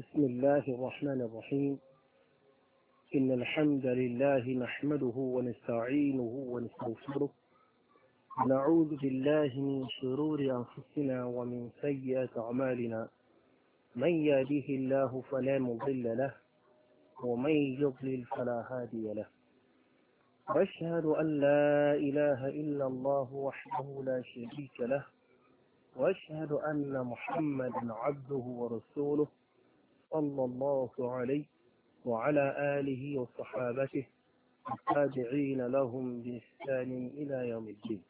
بسم الله الرحمن الرحيم إن الحمد لله نحمده ونستعينه ونستغفره نعوذ بالله من شرور أنفسنا ومن سيئات أعمالنا من يهده الله فلا مضل له ومن يضلل فلا هادي له وأشهد أن لا إله إلا الله وحده لا شريك له وأشهد أن محمدا عبده ورسوله صلى الله عليه وعلى آله وصحابته التابعين لهم بإحسان إلى يوم الدين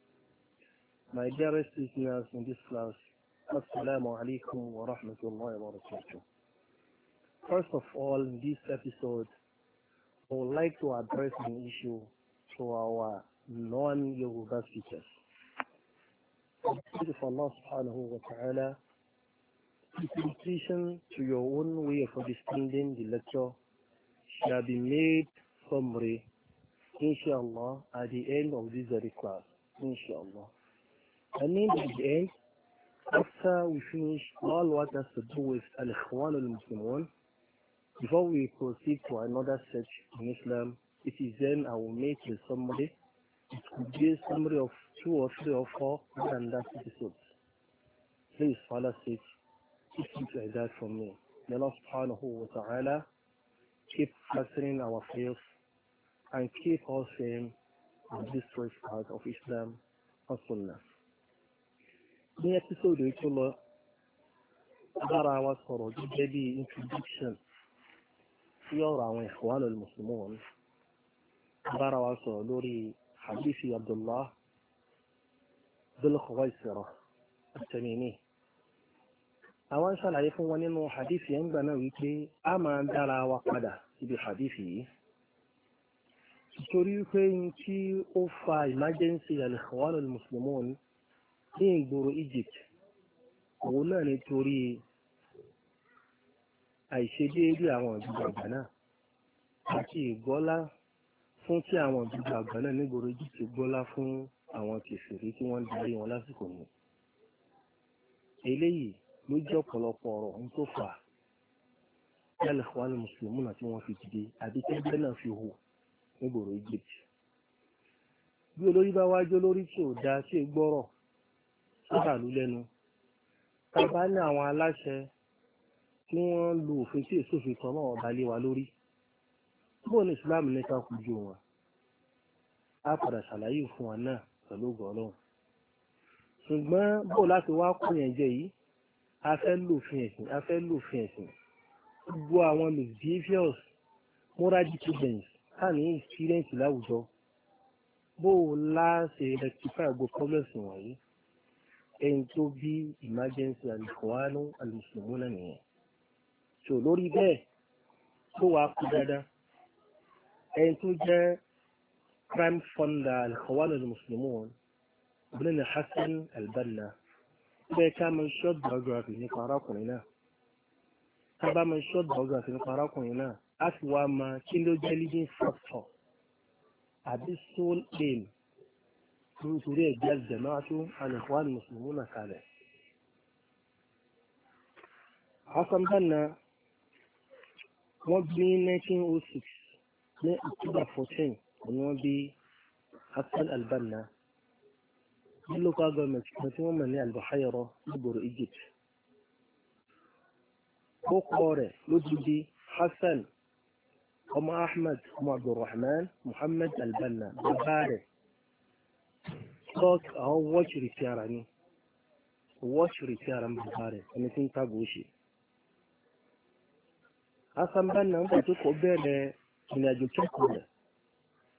My dearest listeners in this class, Assalamu alaikum wa rahmatullahi wa barakatuh. First of all, in this episode, I would like to address an issue to our non-Yoruba speakers. of Allah subhanahu wa ta'ala presentation to your own way of understanding the lecture shall be made summary, inshallah, at the end of this very class, inshallah. And mean, at the end, after we finish all what has to do with Al-Ikhwan al-Muslimun, before we proceed to another search in Islam, it is then I will make a summary. It could be a summary of two or three or four, and that's that episodes. Please, follow Allah's keep like that from me. May Allah subhanahu wa ta'ala keep fastening our faith and keep us in this great part of Islam and Sunnah. Ní episode tó lọ, agbára wa sọ̀rọ̀ gẹ́gẹ́ bí introduction sí ọ̀rọ̀ àwọn Ikhwan al-Muslimun. Agbára wa sọ̀rọ̀ lórí Hadithi Abdullah Bilkhawaisira, Atamimi. àwọn ṣàlàyé fún wọn nínú hadith yẹn gbà náà wípé a máa ń dára wa padà síbi hadith yìí torí pé n tí ó fa emergency al-ikhwan ní ìgboro Egypt òun náà nítorí àìṣedéédé àwọn ìjọba àgbà náà àti ìgbọ́lá fún tí àwọn ìjọba àgbà náà nígboro Egypt gbọ́lá fún àwọn kìfìrí tí wọ́n darí wọn lásìkò yìí eléyìí ló jẹ́ ọ̀pọ̀lọpọ̀ ọ̀rọ̀ ohun tó fà á yálẹ̀ wà ní mùsùlùmí náà tí wọ́n fi dìde àbí tẹ́gbẹ́ náà fi hù nígboro Egypt bí olórí bá wájú olórí tí ò dáa tí ì gbọ́rọ̀ sábàlú lẹ́nu bàbá ní àwọn aláṣẹ tí wọ́n lu òfin tí èso fi kan náà balẹ̀ wa lórí bóun ní Islam ní ká kú ju wọn á padà ṣàlàyé fún wa náà pẹ̀lú ògùn ọlọ́run ṣùgbọ́n bóun láti wá kó yẹn jẹ yìí a fẹ́ lòfin ẹ̀sìn a fẹ́ lòfin ẹ̀sìn gbogbo àwọn misbehaviors moral decadence tá ní experience láwùjọ bó o lá ṣe rectify gbogbo problems wọ̀nyí ẹni tó bí emergency alìkọ́wánú alùsùnmù náà nìyẹn so lórí bẹ́ẹ̀ tó wàá kú dáadáa ẹni tó jẹ́ prime funder alìkọ́wánú alùsùnmù wọn ibn hasan al bẹ́ẹ̀ ká mọ short biography nípa arákùnrin náà ká bá mọ short biography nípa arákùnrin náà á sì wá mọ kí ló jẹ́ leading factor àbí sole aim nítorí ẹ̀jẹ̀ jẹ̀máàtú al-Ikhwan al-Muslimun náà kalẹ̀. Hassan Banna wọ́n bí 1906 ní October 14 ni wọ́n bí Hassan al يلو قاعد مكتوب من البحيرة عبر إيجيب بقرة لجدي حسن أم أحمد أم عبد الرحمن محمد البنا بباري توك أو واش ريتيراني واش ريتيران بباري أنا سين تاغوشي حسن بنا أم بطو كوبيل من أجل تشكوله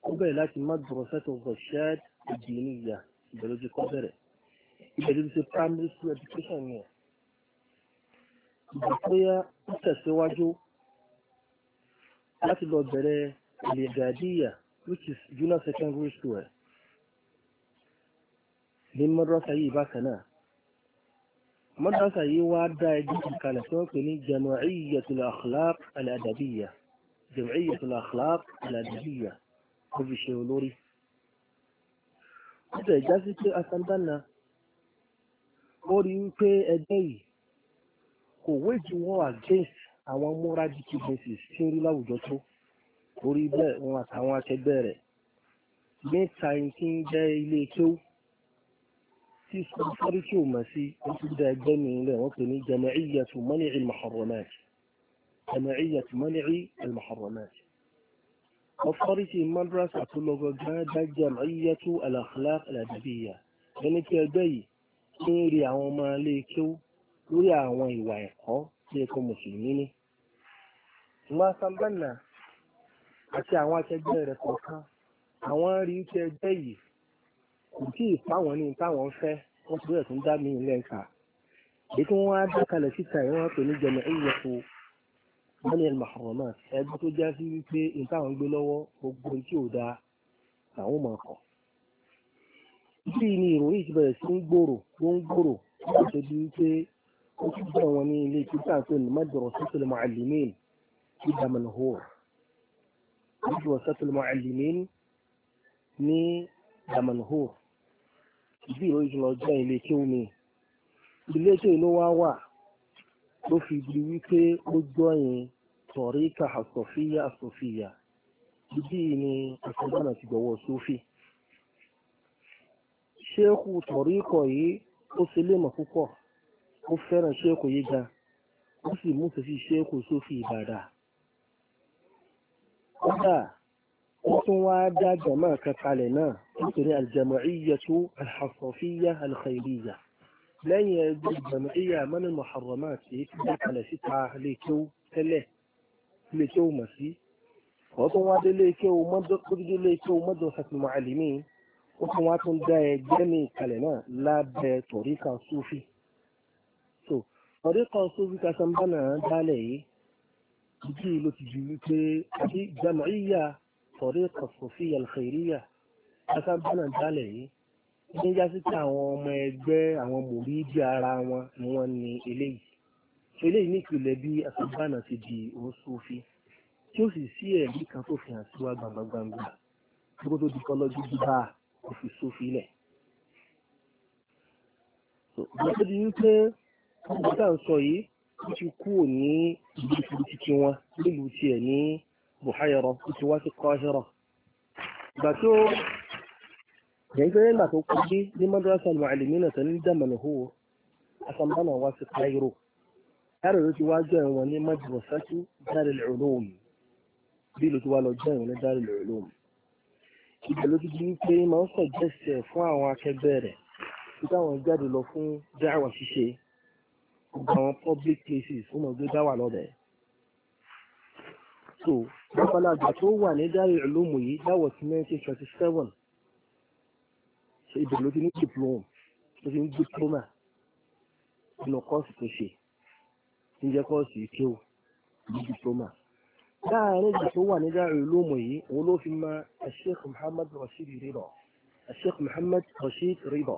كوبيل لكن مدرسة الغشاد الدينية ìbẹ̀rẹ̀ ojú kọ́ bẹ̀rẹ̀ ìbẹ̀rẹ̀ ojú primary school education ni ẹ̀ ìgbà tó yá ó tẹ̀síwájú láti lọ bẹ̀rẹ̀ ìlẹ̀gàdíyà which is junior secondary school ẹ̀ ní mọ́dọ́sà yìí bákan náà mọ́dọ́sà yìí wá dá ẹgbẹ́ ìkàlẹ̀ tí wọ́n pè ní jama'iyyatul akhlaq al ó tẹ̀ já sí pé Asantana ó rí wípé ẹgbẹ́ yìí kò wéjì wọ́n against àwọn moradi kidneys tí ń rí láwùjọ tó orí bẹ́ẹ̀ wọn àtàwọn akẹgbẹ́ rẹ̀ mẹ́ta ìkí ń jẹ́ ilé kéwú tí sọ́rí tí ò mọ̀ sí wọ́n ti da ẹgbẹ́ mi rẹ̀ wọ́n pè ní jama'iyyatu mani'i al-muharramat jama'iyyatu mani'i al-muharramat authority madrasa tó lọ gangan dájà mayyatu al-akhlaq al-adabiyya ẹni tí ẹgbẹ́ yìí ń rí àwọn ọmọ ilé kéwú lórí àwọn ìwà ẹ̀kọ́ tí ẹ̀kọ́ mùsùlùmí ní. Ìwọ̀n Sambanna àti àwọn akẹgbẹ́ rẹ̀ kọ̀ọ̀kan àwọn rí tí ẹgbẹ́ yìí kò tí ì fáwọn ní táwọn fẹ́ wọ́n ti bẹ̀rẹ̀ tó ń dá mi ilé ẹ̀ka. Èyí tí wọ́n á dákalẹ̀ síta ìwọ̀n pè ní jẹ̀mẹ̀ ìyẹ̀fọ́ wọ́n ní al-mahramat ẹgbẹ́ tó já sí wípé ìtàwọn gbé lọ́wọ́ gbogbo tí ò dáa làwọn máa kọ̀. bí ni ìròyìn ti bẹ̀rẹ̀ sí ń gbòòrò ló ń gbòòrò láti ṣe bí wípé ó ti bẹ̀rẹ̀ wọn ní ilé títà tó ní madrasatul mu'allimin ní damanhur madrasatul mu'allimin ní damanhur bí ìròyìn ti lọ jẹ́ ilé tí ó ní ilé tí ó ní wà ló fi di wípé ó jọyìn tọ̀ríkà àsọ̀fíyà àsọ̀fíyà ibi ni àkọ́gbọ́nà ti gbọ́wọ́ sófì ṣéèkù tọ̀ríkọ̀ yìí ó ṣe lè mọ̀ púpọ̀ ó fẹ́ràn ṣéèkù yìí gan ó sì mú sí ṣéèkù sófì ìbàdà kódà ó tún wá dá jàmáà kan kalẹ̀ náà nítorí aljama'iyyatu alhasọ̀fíyà alkhairiyya lẹ́yìn ẹgbẹ́ ìgbàmọ̀íyà mọ́nà mọ̀hàrọ̀má tí ó ti kalẹ̀ síta lékẹ́ tẹ́lẹ̀ lékẹ́ mọ̀ sí wọ́n tún wá dé lékẹ́ mọ́dọ́kúrúdé lékẹ́ mọ́dọ́sàtì mọ̀álìmí ó tún wá tún dá ẹgbẹ́ ní ìkalẹ̀ náà lábẹ́ tọ̀ríkà sófì so tọ̀ríkà sófì kasambana dálẹ̀ yìí ojú ló ti ju wípé àti ìgbàmọ̀íyà tọ̀ríkà sófì alkhairiyya kasambana dálẹ̀ yìí ní jásí tí àwọn ọmọ ẹgbẹ́ àwọn mòrídì ara wọn ni wọ́n ní eléyìí eléyìí nípìnlẹ̀ bí asọ́gbànà ti di oṣoofi tí ó sì sí ẹ̀rí kan tó fi hàn sí wa gbàngbàngbà gbogbo tó di kọlọ́jú bíbá kò fi sófi lẹ̀. Ìgbà tó di wípé ọmọ tá à ń sọ yìí ó ti kúrò ní ìlú títí wọn nílùú tiẹ̀ ní Buhayra ó ti wá sí Kọ́hírà. Ìgbà tó jẹ́ pé nígbà tó kú dé ní madrasa al-mu'allimina tó ní dàmàlà hó asambana wá sí Cairo káàrò ló ti wá jọ ẹ̀wọ̀n ní madrasatu Darul Ulum bí ló ti wá lọ jọ ẹ̀wọ̀n ní Darul Ulum ìgbà ló ti di wípé máa fún àwọn akẹgbẹ́ rẹ̀ títí àwọn jáde lọ fún dáwà ṣíṣe gbogbo àwọn public places ó mọ̀ gbé dáwà lọ́bẹ̀ẹ́ so babalagba tó wà ní Darul Ulum yìí dáwọ̀ sí 1937 ṣe ibẹ̀ ló ti ní diploma ló ti ní diploma nínú kọ́ọ̀sì tó ṣe ń jẹ́ kọ́ọ̀sì kéwù ní diploma láàárín ìgbà tó wà nígbà ìlúmọ̀ yìí òun ló fi ma Sheikh Muhammad Rashid Rida Sheikh Muhammad Rashid Rida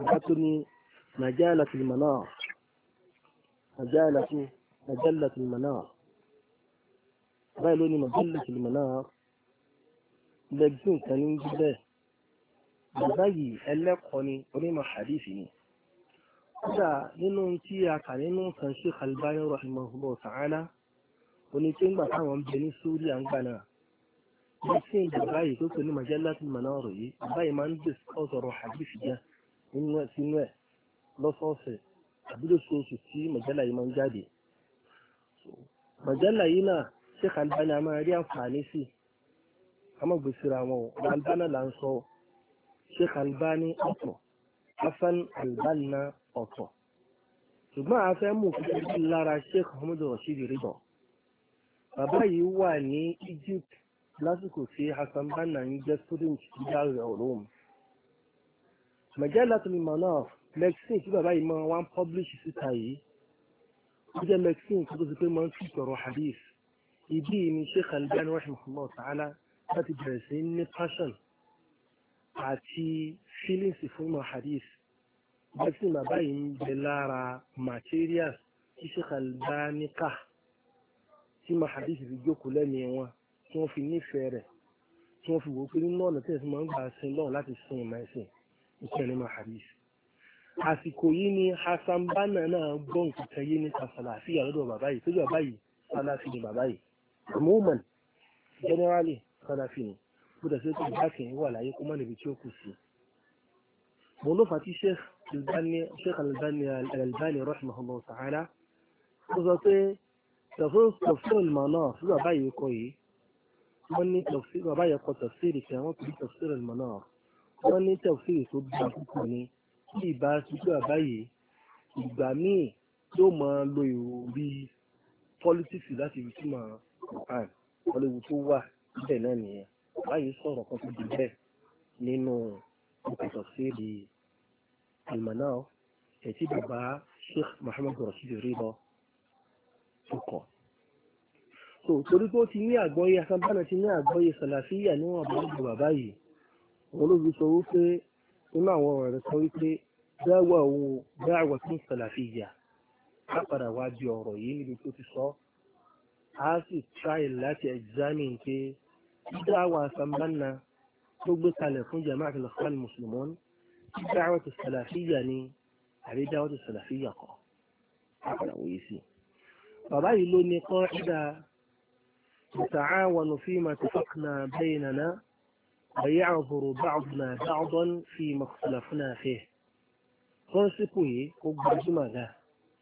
ọ̀gá tó ní مجالة المنار مجالة مجلة المنار قالوا لي مجلة المنار لجنة كان يجي bàbá yìí ẹlẹ́kọ̀ọ́ ni onímọ̀ hadithi ni kódà nínú tí a kà nínú kan sí Albani rahimahullah ta'ala oní tí ń gbà táwọn ń bẹ ní sórí à ń gbà náà bí sí bàbá yìí tó pè ní Majallatul Manar yìí bàbá yìí máa ń discuss ọ̀rọ̀ hadith jẹ́ nínú ẹ̀ sínú ẹ̀ lọ́sọ̀ọ̀sẹ̀ àbí tí màjálà yìí máa ń jáde màjálà yìí náà Sheikh Albani a máa rí àǹfààní sí àmọ́ gbèsè ra wọn ò Albani là ń sọ sheikh albani ọ̀tọ̀ hasan albanna ọ̀tọ̀ ṣùgbọ́n a fẹ́ mú kíkọ́ lára sheikh ahmed rashid ridwan bàbá yìí wà ní egypt lásìkò tí hasan banna ń jẹ́ student ìdá rẹ̀ olóhùn majalatul manaf lexin tí bàbá yìí máa wá ń publish síta yìí ó jẹ́ lexin tó ti pé máa ń tìtọ̀rọ̀ hadith ìdí ni sheikh albani rahimahullah ta'ala láti bẹ̀rẹ̀ sí ní passion àti feelings fún mahadis bẹ́sì bàbá yìí ń bẹ lára materials tí Sheikh Albani kà tí mahadis fi jókòó lẹ́mìí wọn tí wọ́n fi nífẹ̀ẹ́ rẹ̀ tí wọ́n fi wò pé nínú ọ̀nà tí ẹ̀sìn máa ń gbà sin lọ́wọ́ láti sin ìmọ̀ ẹ̀sìn ìpínlẹ̀ ní mahadis àsìkò yìí ni Hassan Banna náà gbọ́ nǹkan kan yé nípa sàlàfíà lọ́dọ̀ bàbá yìí tó jẹ́ bàbá yìí sàlàfí ni bàbá yìí àmọ́ generally sàlàfí ni gbọ́dọ̀ sí pé ìdákẹ́ wà láyé kó má níbi tí ó kù sí. mo ló fà tí sheikh al-albani al-albani rahimahullah ta'ala ó sọ pé tafsir al-manar sí bàbá yìí kọ yìí wọ́n ní tafsir bàbá yìí kọ tafsir kí wọ́n kì í tafsir al-manar wọ́n ní tafsir tó bí àkókò ni tí ìbá sí pé bàbá yìí ìgbà míì yóò máa lo báyìí sọ̀rọ̀ kan tó di bẹ́ẹ̀ nínú ìpẹ̀tọ̀ sí èdè almaná ẹ̀tí bàbá Sheikh Muhammad Rasheed Rida tó kọ̀. so torí pé ó ti ní àgbọ́yé asábánà ti ní àgbọ́yé sàlàfíà níwọ̀n àbúrò bàbá yìí wọn ló fi sọ wípé nínú àwọn ọ̀rọ̀ rẹ̀ sọ wípé dáwà òun dáwà tún sàlàfíà á padà ọ̀rọ̀ yìí níbi tó ti sọ á sì tráì láti examine pé dáwà sàmbánà tó gbé kalẹ̀ fún jamaat al-ikhwan muslimun tí dáwà tó sàlàfíyà ni àbí dáwà tó sàlàfíyà kọ́ àpàdà wòye sí bàbá yìí ló ní kọ́ ìdá نتعاون فيما اتفقنا بيننا ويعذر بعضنا بعضا فيما اختلفنا فيه pọ́ńsípù yìí kò gbajúmọ̀ náà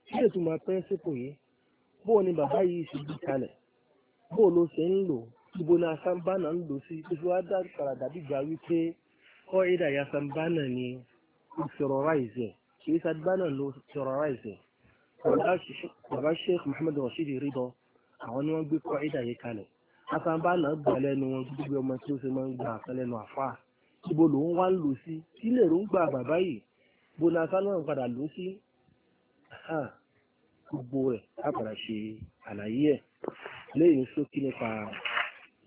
kí ètò máa pọ́ńsípù yìí bóò ni bàbá yìí ṣe bí kalẹ̀ bóò ló ṣe ń lò ibo na asambana ń lò sí ibi wá dá padà dàbí gbà wípé kọ́ ìdá ya asambana ni ìfẹ̀rọ̀ráìzì kì í sàdbánà ló fẹ̀rọ̀ráìzì bàbá sheikh muhammad rashid ridọ àwọn ni wọ́n gbé kọ́ ìdá yìí kalẹ̀ asambana gbà lẹ́nu wọn gbogbo ọmọ tí ó ṣe máa ń gbà àfẹ́lẹ́nu àfà ibo ló ń wá ń lò sí kí lè ló ń gbà bàbá yìí ibo na asambana padà lò sí gbogbo rẹ̀ á padà ṣe àlàyé ẹ̀ lẹ́yìn sókí nípa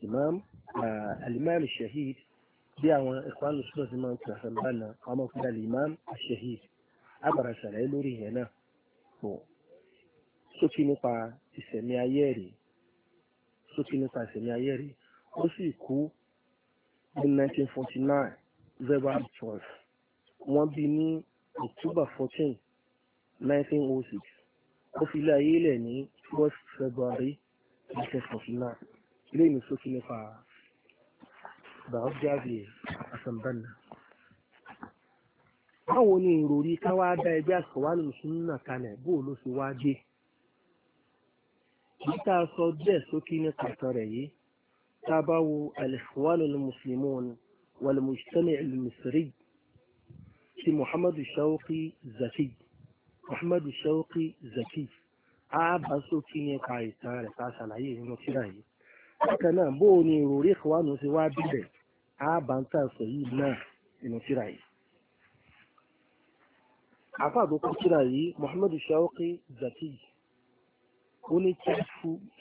imam uh, alimami shahid bí àwọn ẹ̀kọ́ alùsùnà ti máa ń tẹ̀sẹ̀ lánà ọmọ fún alimami shahid agbára ṣàlàyé lórí ìyẹn náà tó sókè nípa ìsẹ̀mí ayé rẹ̀ sókè nípa ìsẹ̀mí ayé rẹ̀ ó sì kú ní 1949 verbal twelve wọ́n bí ní october fourteen nineteen oh six ó fi ilé ayé lẹ̀ ní twelve february nineteen ilé ìlú sókè nípa bàọ́jáde àsàmbánà báwo ni ìròrí ká wá dá ẹgbẹ́ àsọ̀wálù súnà kalẹ̀ bó ló ṣe wá dé kí tá a sọ díẹ̀ sókè nípa ìtàn rẹ̀ yìí tá a bá wo al-ikhwan al-muslimun wal-mujtami' al-misri ti muhammadu shawqi zaki muhammadu shawqi zaki a bá sókè nípa ìtàn rẹ̀ ká ṣàlàyé nínú tírà bákan náà bó o ní ìròrí ìkọ̀wánu ṣe wá bíbẹ̀ àbáńtà sọ yìí náà inú tírà yìí. àfáà tó kọ́ tírà yìí Muhammadu Shawqi Zakiy ó ní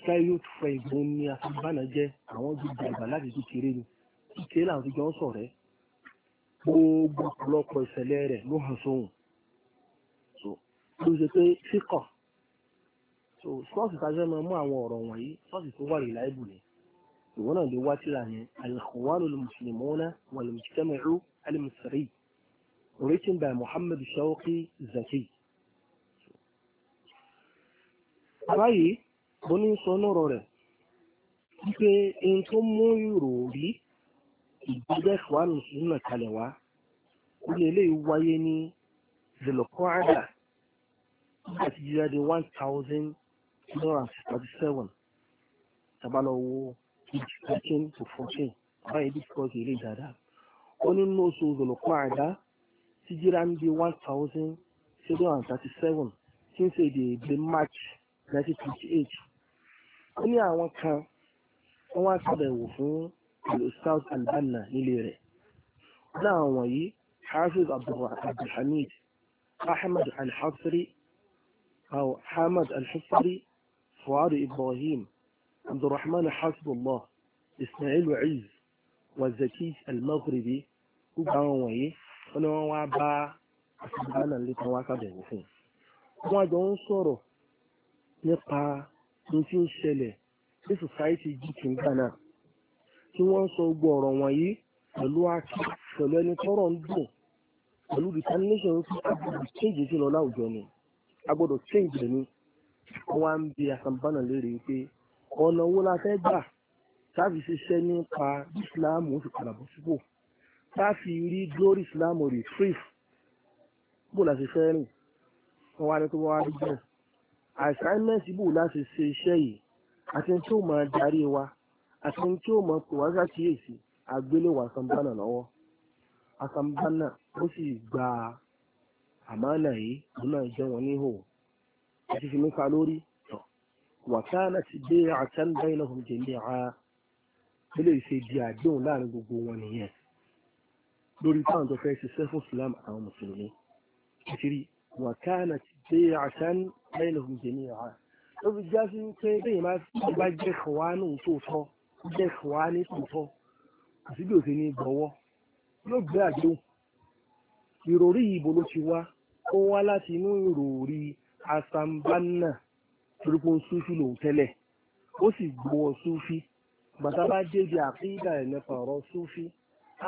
childhood friend òun ni afẹ́bánà jẹ́ àwọn gbogbo àgbà láti kékeré ni kékeré làwọn ti jọ ń sọ̀rẹ́ gbogbo ọ̀pọ̀lọpọ̀ ìṣẹ̀lẹ̀ rẹ̀ ló hàn sóhun ló ṣe pé síkọ̀ so sọ́ọ̀sì tá a fẹ́ máa mú àwọn ọ̀rọ̀ wọ̀nyí sọ́ọ̀sì tó wà reliable ni ìwọ́n náà lè wá tíra yẹn al-ikhwanul muslimuna wal mujtama'u al-misri written by Muhammad Shawqi Zaki. báyìí bó ní sọ nọ́rọ̀ rẹ̀ wípé ohun tó mú ìrò rí ìgbẹ́jẹ́ ìwánù súnà kalẹ̀ wá ó lè lè wáyé ní zelokwaada àti jíjáde one thousand two thirty seven tabalọ́wọ́ page thirteen to fourteen báyìí discuss eré dáadáa ó ní nínú oṣù òzòlùkọ́ àdá tíjíra ń di one thousand seven hundred thirty seven tí ń ṣe èdè march nineteen twenty eight ó ní àwọn kan wọ́n wá ṣàbẹ̀wò fún al-Ustaz Al-Banna nílé rẹ̀ láwọn wọ̀nyí hafiz abdulhamid ahmed al-hafsari fuad ibrahim عبد الرحمن حسب الله إسماعيل عز وزكي المغربي gbogbo wọ̀nyí wọ́n ni wọ́n wá bá àṣìbáàlà lè tán wá sábẹ̀wò fún wọn àjọ ń sọ̀rọ̀ nípa ohun tí ń ṣẹlẹ̀ ní sòsáìtì gt ńgbà náà tí wọ́n ń sọ gbogbo ọ̀rọ̀ wọ̀nyí pẹ̀lú akí pẹ̀lú ẹni tọ́rọ̀ ń dùn pẹ̀lú determination tí a gbọ́dọ̀ change sí lọ láwùjọ ni a gbọ́dọ̀ change ni wọ́n wá ń bi àṣàbáàlà lérè pé ọ̀nà wo la fẹ́ gbà táfi ṣiṣẹ́ nípa ìsìláàmù fi padà bọ̀ sípò táfi rí glory ìsìláàmù retrieve bó la ṣe fẹ́ rìn wọ́n wá ní tó wá rí bẹ́ẹ̀ assignment bó la ṣe ṣe iṣẹ́ yìí àti tí ó máa darí wa àti tí ó máa pè wá ṣàkíyèsí àgbéléwò àsambánà lọ́wọ́ àsambánà ó sì gba àmánà yìí òun náà jẹ́ wọn àti fi mí ka lórí وكانت بيعة بينهم جميعا eléyìí ṣe di àdéhùn láàrin gbogbo wọn nìyẹn lórí táwọn tó fẹ́ ṣiṣẹ́ fún islam àwọn mùsùlùmí ìṣirí wa kanat bay'atan bainahum jami'a ló fi já sí pé bẹ́ẹ̀ máa fi bá jẹ́ kọ̀wánù tó tọ́ jẹ́ kọ̀wánì tó tọ́ àti bí òsè ní gbọ́wọ́ yóò gbé àdéhùn ìròrí ìbò ló ti wá ó wá láti inú ìròrí asambanna torí pé ń súnfì lòun tẹ́lẹ̀ ó sì gbowó súnfì bàtà bá débi àkídà ẹ̀ nípa ọ̀rọ̀ súnfì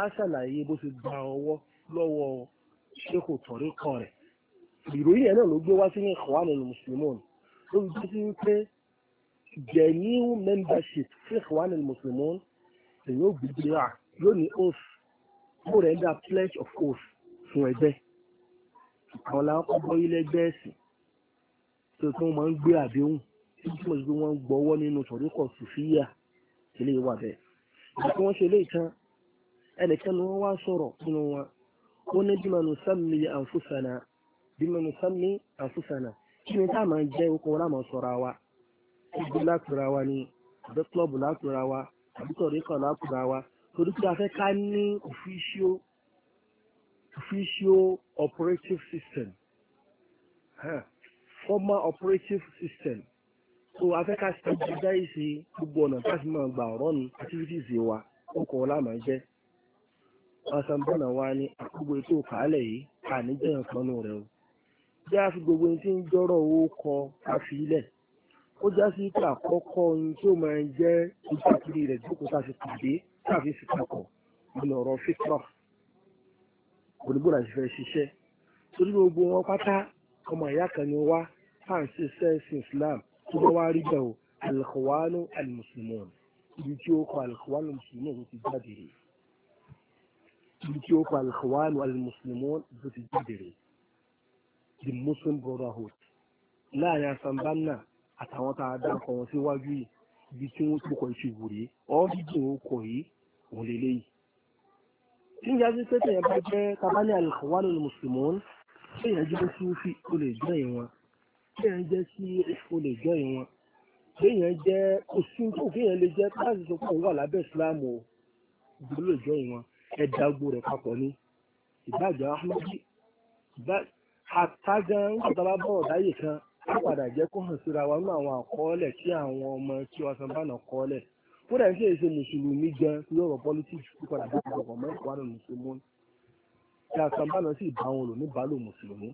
á ṣàlàyé bó ti gba ọwọ́ lọ́wọ́ ṣékò tọ̀rí kan rẹ̀ ìròyìn ẹ̀ náà ló gbé wá sí ní Ikhwanul Muslimun ló fi dé sí wípé genuine membership fún Ikhwanul Muslimun èyí ó gbìgbé rà lónìí oath ó rẹ̀ ń dá pledge of oath fún ẹgbẹ́ àwọn làwọn kọ́ bọ́ ilé ẹgbẹ́ ẹ̀sìn tó ma wọ́n máa ń gbé àdéhùn tí wọ́n ti gbé wọ́n ń gbọ́wọ́ nínú sọ̀ríkọ̀ ilé wa bẹ́ẹ̀. wọ́n ṣe ẹnìkan ni wọ́n wá sọ̀rọ̀ nínú wọn ó ní bí àǹfùsànà bí àǹfùsànà kí ni táà máa jẹ́ okòwò sọ̀rọ̀ wa ibi lápẹ̀rẹ̀ wa ni àbí klọ́ọ̀bù lápẹ̀rẹ̀ wa àbí sọ̀ríkọ̀ lápẹ̀rẹ̀ wa torí pé a fẹ́ ká ní official operative system. formal operative system so afẹ́ká standardize gbogbo ọ̀nà láti máa gba ọ̀rọ̀ ní activities wa ọkọ̀ ọlámà jẹ́ ọ̀sánbọ̀nà wa ní àkógbò ètò kàálẹ̀ yìí àníjẹ́ nǹkan nù rẹ̀ o bí a fi gbogbo ohun tí ń jọ́rọ̀ owó kọ káfí ilẹ̀ ó já sí pé àkọ́kọ́ ohun tí ó máa ń jẹ́ ìpàkiri rẹ̀ jókòó káfí pàdé káfí fi papọ̀ nínú ọ̀rọ̀ fitra onígbòràn ti fẹ́ ṣiṣẹ́ torí gbogbo wọn pátá ọmọ ìyá kan ni wá tá à ń ṣiṣẹ́ ẹ̀sìn Islam tó bá wá rí bẹ́ẹ̀ o alkhawanu almuslimun ibi tí ó kọ alkhawanu almuslimun ló ti jáde rè ibi tí ó kọ alkhawanu almuslimun ló ti jáde rè the Muslim Brotherhood láàrin asambanna àtàwọn tá a dá ọkọ wọn síwájú yìí ibi tí wọn tó kọ ìṣègùn rèé ọ́fíìsì wọn kọ yìí òun lè léyìí. tí ń yájú pé tẹ̀yẹ̀ bá jẹ́ tabani alkhawanu almuslimun tẹ̀yẹ̀ jẹ́ sufi ó lè jẹ́ ìwọ̀n kéèyàn jẹ́ kí o lè jẹ́ ìwọ̀n kéèyàn jẹ́ òsín tó kéèyàn lè jẹ́ láti sọ pé òun wà lábẹ́ ìsìláàmù ìdúró lè jẹ́ ìwọ̀n ẹ̀dá gbogbo rẹ̀ papọ̀ ní ìbàjẹ́ ahmadi àtàgán nígbàtàbá bọ̀ ọ̀dáyè kan á padà jẹ́ kó hàn síra wa nínú àwọn àkọọ́lẹ̀ tí àwọn ọmọ tí wọ́n san bánà kọ́ọ́lẹ̀ ó dà ń ṣe èso mùsùlùmí gan tí yọ̀rọ̀ politics tó padà bá ọkọ̀ mọ́ ìwádìí mùsùlùmí tí àsanbánà sì bá wọn lò ní bàálù mùsùlùmí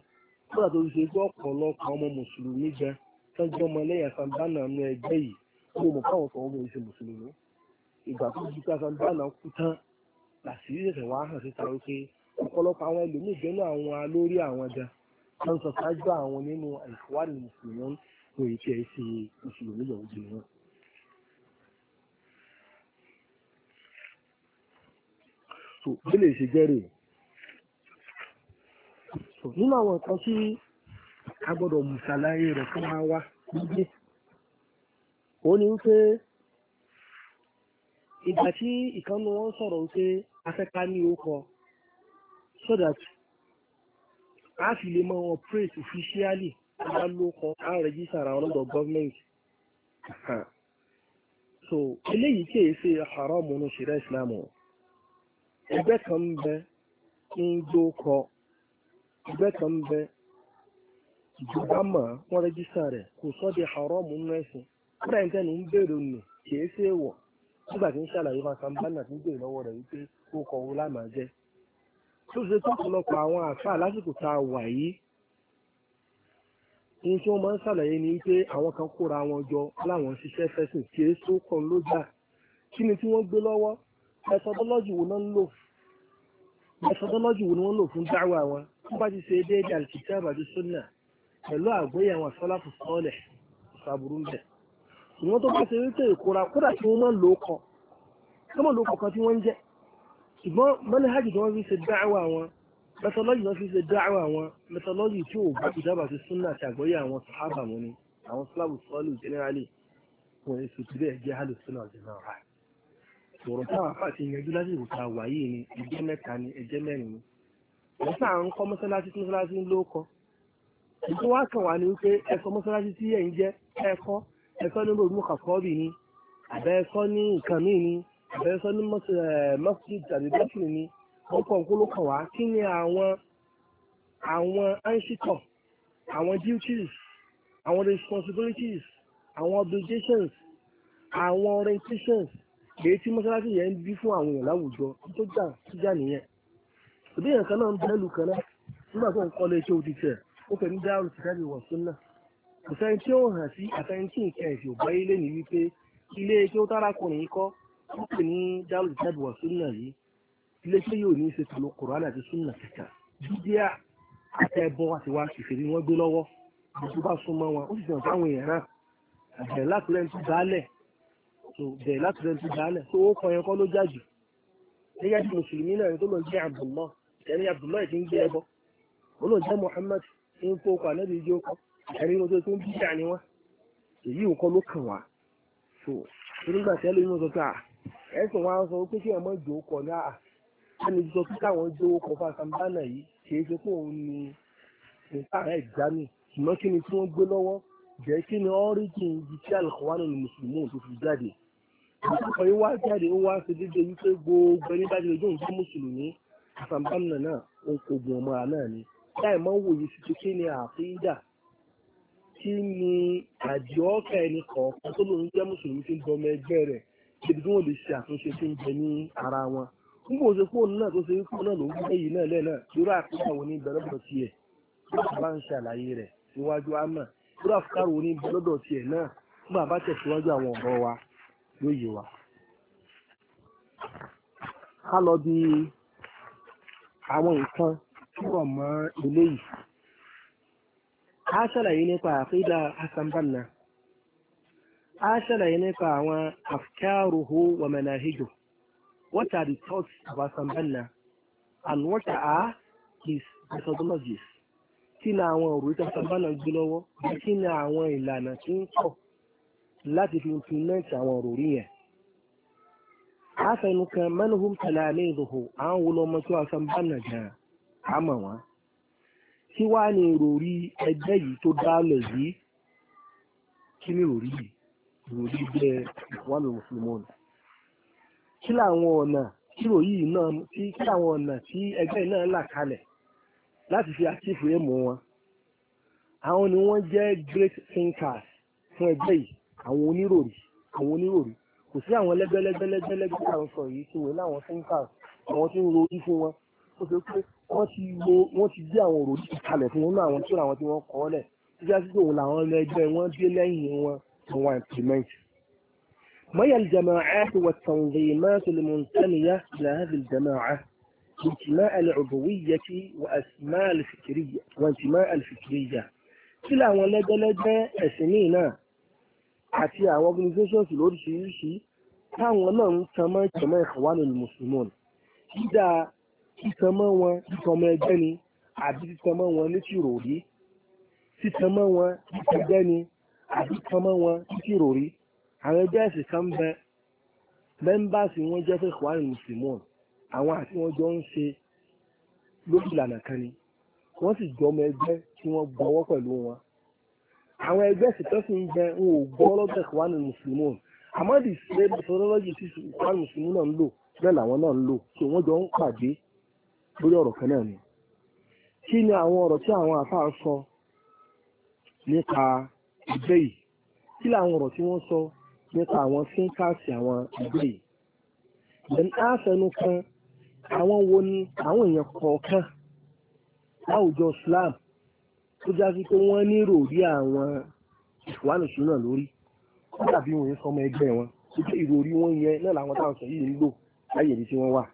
kódà tó ṣe pé ọ̀pọ̀lọpọ̀ ọmọ mùsùlùmí gan tọ́jú ọmọ lẹ́yìn sàǹdánà nínú ẹgbẹ́ yìí ó mọ̀ káwọn sọ̀rọ̀ wọn ṣe mùsùlùmí ìgbà tó ju sàǹdánà kú tán làṣírí ṣẹ̀ṣẹ̀ wá hàn síta wípé ọ̀pọ̀lọpọ̀ àwọn ẹlòmíì gẹ́nu àwọn alórí àwọn gan tó ń sọ sáájú àwọn nínú àìsíwádìí mùsùlùmí kò ì tiẹ̀ ṣe mùsùlùmí yọ̀ ojú wọn. so bí lè ṣe jẹ́ rèé nínú àwọn nǹkan tí a gbọ́dọ̀ mú ṣàlàyé rẹ̀ fún wa nílé ó ní wípé ìgbà tí ìkànnì wọn sọ̀rọ̀ wípé afẹ́ká ní orúkọ so that a fi lè mọ operate officially bá lóko a register àwọn ọ̀dọ̀ government so eléyìí tí èyí ṣe haram nínú ṣẹlẹ̀ islam ẹgbẹ́ kan ń bẹ ń jó kọ ẹgbẹ́ kan ń bẹ ìjọba mọ̀ wọ́n rẹ́jísà rẹ̀ kò sọ di haram nínú ẹ̀sìn kúrẹ́ nǹkan ní ń bèrè nù kìí ṣe é wọ̀ nígbà tí ń ṣàlàyé fún asambana tí ń bèrè lọ́wọ́ rẹ̀ wípé ó kọ owó lámàá jẹ́ tó ṣe tó ọ̀pọ̀lọpọ̀ àwọn àfáà lásìkò tá a wà yìí ní tí wọ́n máa ń ṣàlàyé ni wípé àwọn kan kóra wọn jọ láwọn ṣiṣẹ́ fẹ́sìn kìí ṣe ó lójà kí ni tí wọ́n gbé lọ́wọ́ methodology wo náà ń lò methodology wo ni wọ́n lò fún dáwà wọn tó bá ti ṣe déédéé alkitab àti sunna pẹ̀lú àgbóyè àwọn sọ́láfù sọ́ọ̀lẹ̀ ìfàbùrú ń bẹ̀. ìwọ́n tó bá ṣe wípé ìkóra kódà tí wọ́n máa ń lò kọ kí wọ́n lò kọ kan tí wọ́n ń jẹ́ ṣùgbọ́n mọ́lẹ́hájì tí wọ́n fi ṣe dáwà wọn methodology tí wọ́n fi ṣe dáwà wọn methodology tí ò bá ìdábà ti sunna àti àgbóyè àwọn sàhábà wọn ni àwọn sọ́láfù sọ́ọ̀lẹ̀ generally wọ́n ti bẹ́ẹ̀ jẹ́ hálùsùn náà sọ̀rọ̀ táwọn afá ti yanjú lásìkò ta wàyí ni ẹjẹ́ mẹ́ta ni ẹjẹ́ mẹ́rin ni wọ́n sáà ń kọ́ mọ́sálásí tí mọ́sálásí ń ló kọ́ ìtò wá kàn wá ní wípé ẹ̀kọ́ mọ́sálásí tí ẹ̀yin jẹ́ ẹ̀kọ́ ẹ̀kọ́ ní olùmọ̀ kàkọ́ọ̀bì ni àbẹ́ ẹ̀kọ́ ní nǹkan míì ni àbẹ́ ẹ̀kọ́ ní masjid àdìdẹ́sìn ni wọ́n kọ́ nǹkó ló kàn wá kí ni àwọn àwọn anshikọ̀ àwọn duties àwọn responsibilities àwọn obligations àwọn orientations èyí tí mọ́sálásí yẹn ń bí fún àwọn èèyàn láwùjọ tó jà síjà nìyẹn òbí èèyàn kan náà ń bẹ lù kan náà nígbà tó ń kọ́ lé iṣẹ́ tẹ̀ ó fẹ́ ní dáhùn ti dájú wọ̀ sún náà kò sẹ́ni tí ó hàn sí àtẹnití nǹkan ẹ̀sìn ògbá ilé ní wípé ilé iṣẹ́ ó tárakùnrin kọ́ ó pè ní dáhùn ti dájú wọ̀ sún náà yìí ilé iṣẹ́ yóò ní í ṣe pẹ̀lú kòránà àti sún náà jíjẹ́ àtẹ̀bọ àti wá ṣèṣèrí wọn gbé lọ́wọ́ àti bá súnmọ́ wọn ó sì sàn fáwọn èèyàn náà àbẹ̀rẹ̀ lápẹ́rẹ́ ń dálẹ̀ so bẹ̀rẹ̀ láti rẹ̀ ti dáálẹ̀ tó ó kọyẹ kọ́ ló jájù gẹ́gẹ́ bí mùsùlùmí náà tó lọ jẹ́ Abdullah ẹni Abdullah ti ń gbé ẹbọ olóò jẹ́ Muhammad ń kó ọkọ̀ ànábì ìjọ kọ́ ẹni mo tó tún bí ìjà ni wá èyí nǹkan ló kàn wá so nígbà tí ẹlòmí sọ pé ah, ẹsùn wa sọ pé kí ọmọ ìjọ kọ ní àà ẹni sọ pé káwọn jó kọ fún asambana yìí kìí ṣe pé òun ni nǹkan àárẹ̀ ṣùgbọ́n kí ni tí wọ́n gbé lọ́wọ́ jẹ́ kí ni ọ́rígìn ibi tí alùpùpù wà nínú mùsùlùmí tó fi jáde ọkọ̀ yìí wá jáde ó wá ṣe déédéé wípé gbogbo ẹni bá ti lè jóun fún mùsùlùmí àfàǹbámùnà náà ó ń kogun ọmọ rà náà ni láì mọ́ wòye sí pé kí ni àfíìdà kí ni àdìọ́kà ẹni kọ̀ọ̀kan tó lóun jẹ́ mùsùlùmí tí ń bọ ọmọ ẹgbẹ́ rẹ̀ débi tí wọ́n lè ṣe àtúnṣe tí ń bẹ ní ara wọn nígbà òṣè fóònù náà tó ṣe wípé òun náà ló ń gbé yìí náà lẹ́ẹ̀ náà irú àfíìdà wo ni bẹ̀rẹ̀bọ̀ tiẹ̀ bá ń ṣàlàyé rẹ̀ síwájú àmà irú àfíìdà wo ni bẹ̀rẹ̀bọ̀ tiẹ̀ náà nígbà bá tẹ̀síwájú àwọn ọ̀rọ̀ wa wey yé wa. ká lọ bí àwọn nǹkan tí wọ́n mọ eléyìí. a ṣàlàyé nípa àkídà asambanna a ṣàlàyé nípa àwọn afkaruhu wa manahijo what are the thoughts of asambanna and what are his methodologies kí ni àwọn òrùka asambanna gbé lọ́wọ́ kí ni àwọn ìlànà tí ń kọ̀. láti fi implement àwọn òròrí yẹn a fẹnu kan manhum talamizuhu àwọn olọmọ tó asanbánà gan àmọ́ wọn tí wá ní ìròrí ẹgbẹ́ yìí tó dálẹ̀ yìí kí ni ìròrí yìí ìròrí jẹ́ ìwádìí mùsùlùmọ́nù kí làwọn ọ̀nà tí ìròrí yìí náà tí kí làwọn ọ̀nà tí ẹgbẹ́ náà là kalẹ̀ láti fi àtìfù ẹ̀mú wọn àwọn ni wọ́n jẹ́ great thinkers fún ẹgbẹ́ yìí àwọn oníròrí àwọn oníròrí kò sí àwọn lẹ́gbẹ́lẹ́gbẹ́lẹ́gbẹ́ tí à ń sọ yìí tí wọ́n láwọn thinkers àwọn tí ń rorí fún wọn ó ṣe pé wọ́n ti wo wọ́n ti gbé àwọn òròrí kalẹ̀ fún wọn ní àwọn tí àwọn tí wọ́n kọ́ lẹ̀ títí àsìkò òun làwọn ẹgbẹ́ wọn dé lẹ́yìn wọn ni wọ́n implement. ميا الجماعات والتنظيمات المنتمية إلى هذه الجماعة انتماء العضوية وأسماء الفكرية وانتماء الفكرية كلا ولد لدى سنينا àti àwọn organizations lóríṣiríṣi táwọn náà ń tan mọ́ ìtọ́mọ́ Ikhwanul Muslimun dídá títan mọ́ wọn ìtọ́mọ́ ẹgbẹ́ ni àbí títan mọ́ wọn ní tìròrí títan mọ́ wọn ìtẹ́gbẹ́ ni àbí títan mọ́ wọn ní tìròrí àwọn ẹgbẹ́ ẹ̀sìn kan bẹ mẹ́ńbàsì wọn jẹ́ fún Ikhwanul Muslimun àwọn àti wọn jọ ń ṣe lójú ìlànà kan ni wọ́n sì jọmọ ẹgbẹ́ tí wọ́n gbọ́wọ́ pẹ̀lú wọn àwọn ẹgbẹ́ ìsìtọ́ sì ń jẹ ń ò gbọ́ lọ́dọ̀ ìwánu mùsùlùmù àmọ́ the same methodology tí ìwánu mùsùlùmù náà ń lò bẹ́ẹ̀ làwọn náà ń lò so wọ́n jọ ń pàdé lórí ọ̀rọ̀ kan náà ni. kí ni àwọn ọ̀rọ̀ tí àwọn àfa ń sọ nípa ẹgbẹ́ yìí kí làwọn ọ̀rọ̀ tí wọ́n sọ nípa àwọn sínkàsì àwọn ẹgbẹ́ yìí. then á fẹnu kan àwọn wo ni àwọn èèyàn kọ̀ọ̀kan láwùjọ Islam tó já sí pé wọ́n nírò rí àwọn ìfúwánù ṣúná lórí kódà bí wọ́n ń sọmọ ẹgbẹ́ wọn tó jẹ́ ìròrí wọn yẹn náà làwọn táwọn sọ yìí ń lò láyè ibi tí wọ́n wà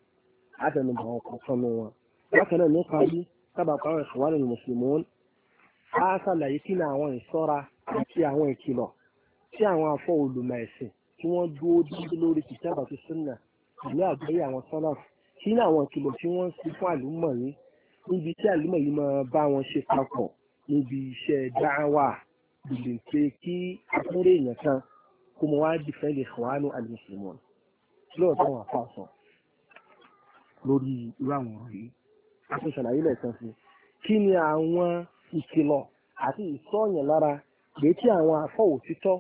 látẹnubọ̀ ọkọ̀ sọmọ wọn. bákan náà nípa bí sábà pa àwọn ìfúwánù mùsùlùmí á ṣàlàyé kí ni àwọn ìṣọ́ra àti àwọn ìkìlọ̀ tí àwọn afọ olùmọ̀ ẹ̀sìn tí wọ́n dúró dídí lórí kìtàbà tó súnà ìlú àgbáyé àwọn sọ́làfù kí ni àwọn ìkìlọ̀ tí wọ́n ń ṣe fún àlùmọ̀ yìí níbi tí àlùmọ̀ yìí máa bá wọn ṣe papọ̀ níbi iṣẹ́ dáhàwà gbìyànjú pé kí akúrẹ́ èèyàn kan kó mọ wá dìfẹ́ǹdì ìwánú àlùmùsùlùmọ́n lóòótọ́ wọn fà sọ lórí irú àwọn ọ̀rọ̀ yìí a tún ṣàlàyé lẹ́ẹ̀kan sí kí ni àwọn ìkìlọ̀ àti ìsọ̀yàn lára pé kí àwọn afọ òtítọ́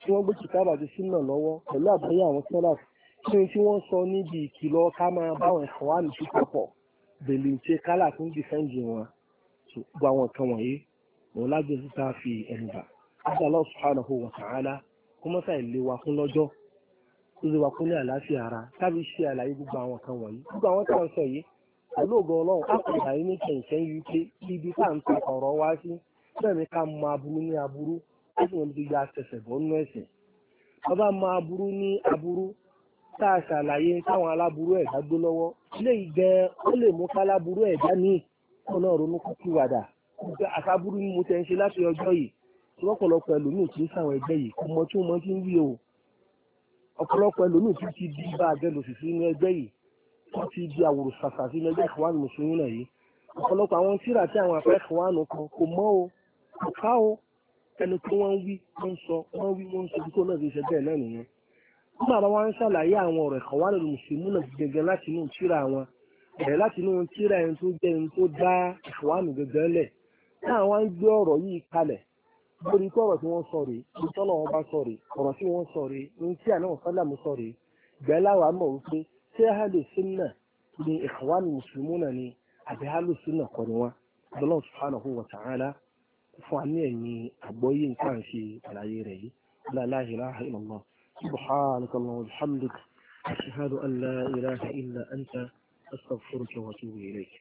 tí wọ́n gbé kìtàbà ti sínà lọ́wọ́ pẹ̀lú àbáyé àwọn sẹ́láfì kí ni tí wọ́n sọ níbi ìkìlọ̀ ká máa báwọn ìfọ̀wánì sí pọ̀ pẹ̀lú ìṣe kálà tó dìfẹ́ǹdì wọn so gbogbo àwọn nǹkan wọ̀nyí òun lájọ sísá fi ẹnu bà ájá Allah subhanahu wa ta'ala kó mọ́sá ìlé wa fún lọ́jọ́ ó lè wa fún ní àlàáfíà ara tàbí ṣe àlàyé gbogbo àwọn nǹkan wọ̀nyí gbogbo àwọn tí wọ́n sọ yìí olóògùn ọlọ́run ápùlà yìí ní kẹ̀ǹkẹ́ uk ibi tá à ń ta ọ̀rọ̀ wá sí bẹ́ẹ̀ ni ká mọ aburú ní aburú ó sì wọn ti ya àtẹ̀sẹ̀ bọ́ nínú ẹ̀sìn bàbá mọ aburú ní aburú tá a ṣàlàyé táwọn aláburú ẹ̀dá gbé lọ́wọ́ léyìí gan ó lè mú káláburú ẹ̀dá míì náà ronú kó kí wàdà àkàbúrú ni mo tẹ́ ń ṣe láti ọjọ́ yìí tí ọ̀pọ̀lọpọ̀ ẹlòmíì tí ń sàwọn ẹgbẹ́ yìí kò mọ tí wọ́n mọ tí ń wí o ọ̀pọ̀lọpọ̀ ẹlòmíì tí ti di bá àjẹlòsì sínú ẹgbẹ́ yìí tó ti di àwòrò sàṣà sínú ẹgbẹ́ ìkọ̀wánu mùsùlùmí náà yìí ọ̀pọ̀lọpọ̀ àwọn tíra tí àwọn afẹ́ ìkọ̀wánu kan kò mọ́ o kò ká bẹ̀rẹ̀ láti inú tíra ẹni tó jẹ́ ẹni tó dá ìfọ̀wánù gẹ́gẹ́ lẹ̀ náà wá ń gbé ọ̀rọ̀ yìí kalẹ̀ lórí kọ́ ọ̀rọ̀ tí wọ́n sọ rèé ìtọ́nà wọn bá sọ rèé ọ̀rọ̀ tí wọ́n sọ rèé ní tí àná ọ̀sálàmù sọ rèé gbẹ́láwà mọ̀ wípé tí ahlu sunna ni ikhwanu muslimuna ni àbí ahlu sunna kọ́ ni wọ́n Allah subhanahu wa أستغفرك وأتوب إليك